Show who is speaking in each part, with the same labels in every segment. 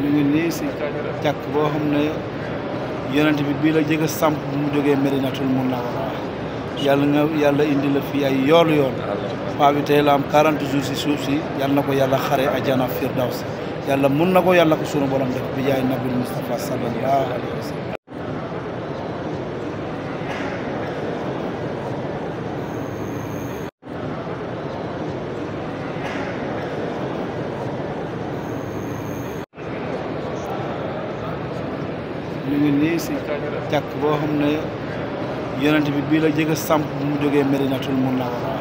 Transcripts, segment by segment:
Speaker 1: ñu ngi nii si jàkk boo xam ne yonent bi bii la jeg a samp bu mu jógee Medinatul Munawwara yàlla nga yàlla indi la fii ay yoolu yoon paa bi tey la am 40 jours si suuf si yàlla na ko yàlla xare a daw si yàlla mun na ko yàlla ko sunu borom def bi jaay nabil Mustafa sallallahu alayhi wa ñu ngi nii si jàkk boo xam ne yonent bi bii la jëkk a samp bu mu jógee Medinatul Munawwara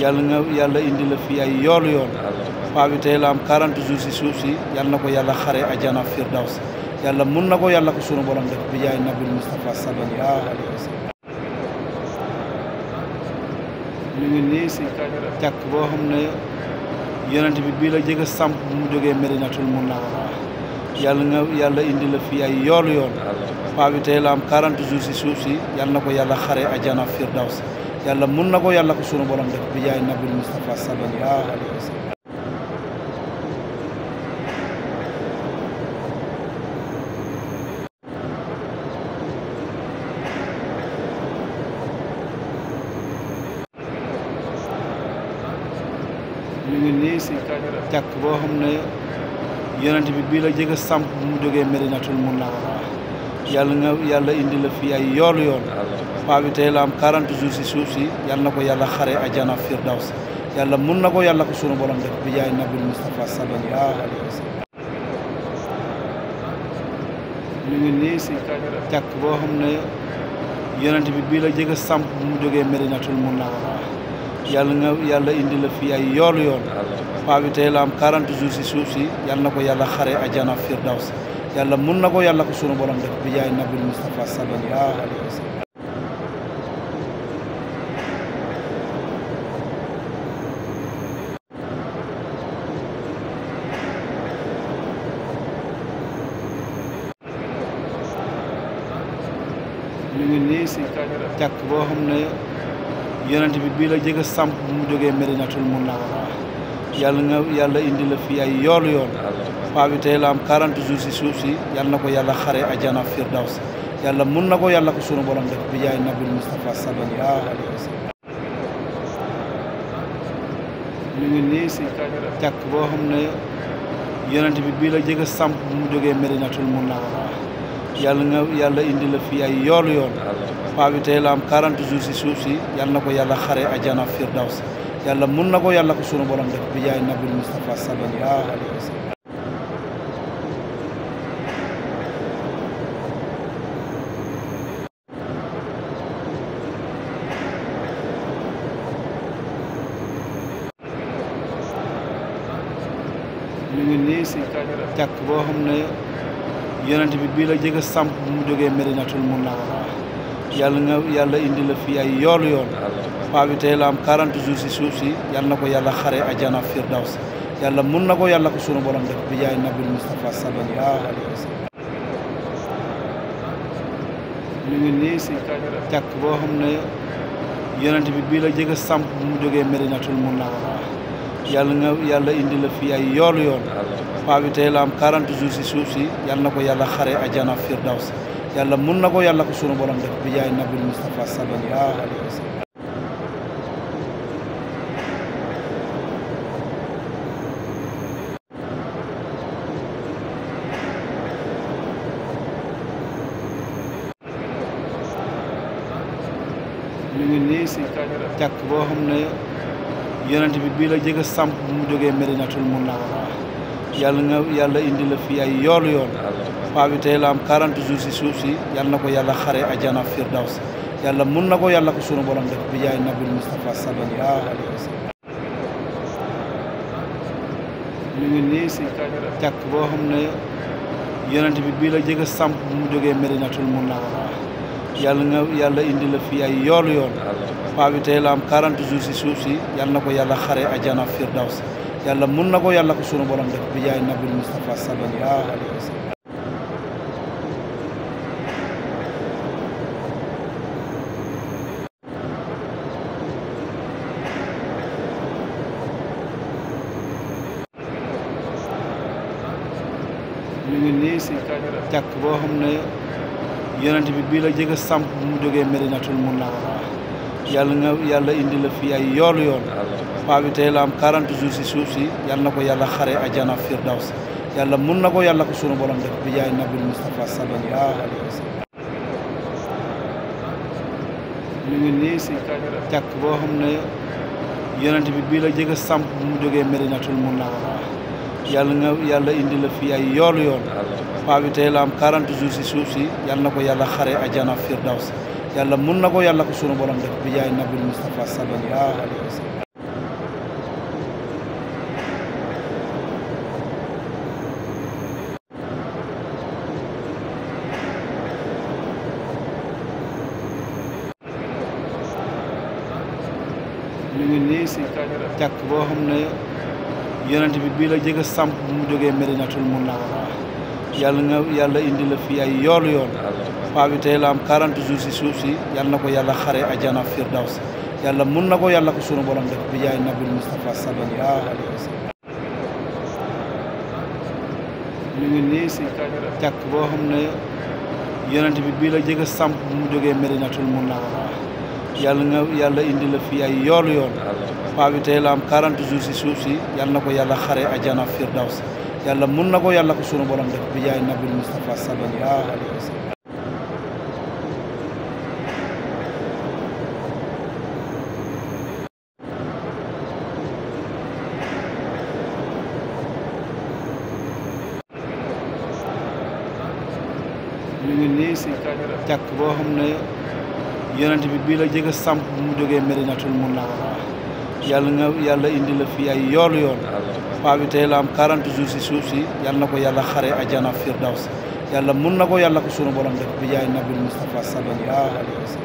Speaker 1: yàlla nga yàlla indi la fii ay yool yoon paa bi tey la am 40 jours si suuf si yàlla na ko yàlla xare ajana firdaws yàlla mun na ko yàlla ko sunu borom def bi jaay nabil Mustafa sallallahu alayhi wa boo xam ne yonent bi bii la jëkk a samp bu mu jógee mu Munawwara yàlla nga yàlla indi la fi ay yoolu yool paa bi tey la am 40 jours si suuf si yàlla na ko yàlla xare ajana firdaws yàlla mun na ko yàlla ko sunu borom def bi jaay nabil Mustafa sallallahu boo xam ne yonent bi bii la jeg a samp bu mu jógee mun Munawwara yàlla nga yàlla indi la fi ay yoolu yoon paa bi tey la am 40 jours si suuf si yàlla na ko yàlla xare ajana firdaws yàlla mun na ko yàlla ko sunu borom def bi jaay nabil Mustafa sallallahu alayhi wa sallam ñu boo xam ne yonent bii la jëkk samp mu jógee Medinatul Munawwara yàlla na yàlla indi la fi ay yoolu yoon paa bi tey la am 40 jours si suuf si yal na ko yàlla xare ajana firdaws yàlla mun na ko yàlla ko sunu borom def bi jaay nabil Mustafa sallallahu alayhi wa sallam ñu si càkk boo xam ne yonent bi bii la jëkk samp mu jógee Medinatul Munawwara yàlla nga yàlla indi la fi ay yoolu yool paa bi tey la am 40 jours si suuf si yàlla na ko yàlla xare ajana firdaws yàlla mun na ko yàlla ko sunu borom bi jaay nabil Mustafa sallallahu alayhi wa sallam ngi nii si jàkk boo xam ne yonent bi bii la jeg a samp bu mu jógee Medinatul Munawwara yàlla nga yàlla indi la fi ay yoolu yool paa bi tey la jours si suuf si yàlla na ko yàlla xare ajana si yàlla mun na ko yàlla ko sunu borom def bi jaay nabil Mustafa sallallahu alayhi mu sallam ñu ngi nii si jàkk boo xam ne yonent bi bii la jëkk samp bu mu jógee Medinatul Munawwara yàlla nga yàlla indi la fi ay yoolu yool paa bi la am 40 jours si suuf si yàlla na ko yàlla xare ajana firdaws yàlla mun na ko yàlla ko sunu borom def bi jaay nabil Mustafa sallallahu alayhi wa sallam ñu boo xam ne yonent bii la jëkk a mu jógee Medinatul Munawwara yàlla nga yàlla indi la fi ay yoolu yool paa bi tey la jours si suuf si yàlla na ko yàlla xare ajana si yàlla mun na ko yàlla ko sunu borom def bi jaay nabil Mustafa sallallahu alayhi wa sallam ngi nii si càkk boo xam ne yonent bi bii la jëkk samp bu mu jógee Medinatul mun naa ko wax yàlla nga yàlla indi la fi ay yoolu yool paa bi tey la am 40 jours si suuf si yàlla na ko yàlla xare ajana si yàlla mun na ko yàlla ko sunu borom bi jaay nabil Mustafa sallallahu alayhi wa sallam boo xam ne yonent bii la jëkk a samp mu jógee Medinatul Munawwara yàlla nga yàlla indi la fi ay yoolu yool paa bi tey la am 40 jours si suuf si yàlla na ko yàlla xare ajana si yàlla mun na ko yàlla ko sunu borom def bi jaay nabil Mustafa sa alayhi wa sallam ñu ngi nii si jàkk boo xam ne yonent bi bii la jeg a samp mu jógee Medinatul Munawwara yàlla nga yàlla indi fi ay yoolu yoon paa bi tey la am 40 jours si suuf si yal na ko yàlla xare ajana firdaws yàlla mun na ko yàlla ko sunu borom def bi jaay nabil Mustafa sallallahu alayhi wa sallam ñu ngi nii si càkk boo xam ne yonent bi bii la jëkk a samp bu mu jógee Medinatul Munawwara yàlla nga yàlla indi la fi ay yoolu yool paa bi tey la am 40 jours si suuf si yal na ko yàlla xare ajana firdaws yàlla mun na ko yàlla ko sunu borom def bi jaay nabil Mustafa sallallahu alayhi wa sallam ñu ngi nii si jàkk boo xam ne yonent bi bii la jëkk a samp mu jógee Medinatul Munawwara yàlla nga yàlla indi la fii yoon paa tey la am 40 jours si suuf si yàlla na ko yàlla xare ajana firdaws yàlla mun na ko yàlla sunu borom bi jaay nabil Mustafa sallallahu alayhi wa sallam ñu boo xam ne yonent bii la jëkk samp bu mu jógee Medinatul Munawwara yàlla nga yàlla indi la fi ay yoolu yool paa bi tey la am si suuf si yàlla na ko yàlla xare ajana firdaws yàlla mun na ko yàlla ko sunu borom def bi jaay nabil Mustafa sallallahu nii si jàkk boo xam ne yonent bi bii la jëkk a samp bu mu jógee Madinatul Munawwara yàlla nga yàlla indi la fi ay yoolu yoon paa bi tey la am jours si suuf si yàlla na ko yàlla xare ajana firdaws yàlla mun na ko yàlla ko sunu borom def bi jaay nabil Mustafa sallallahu alayhi wa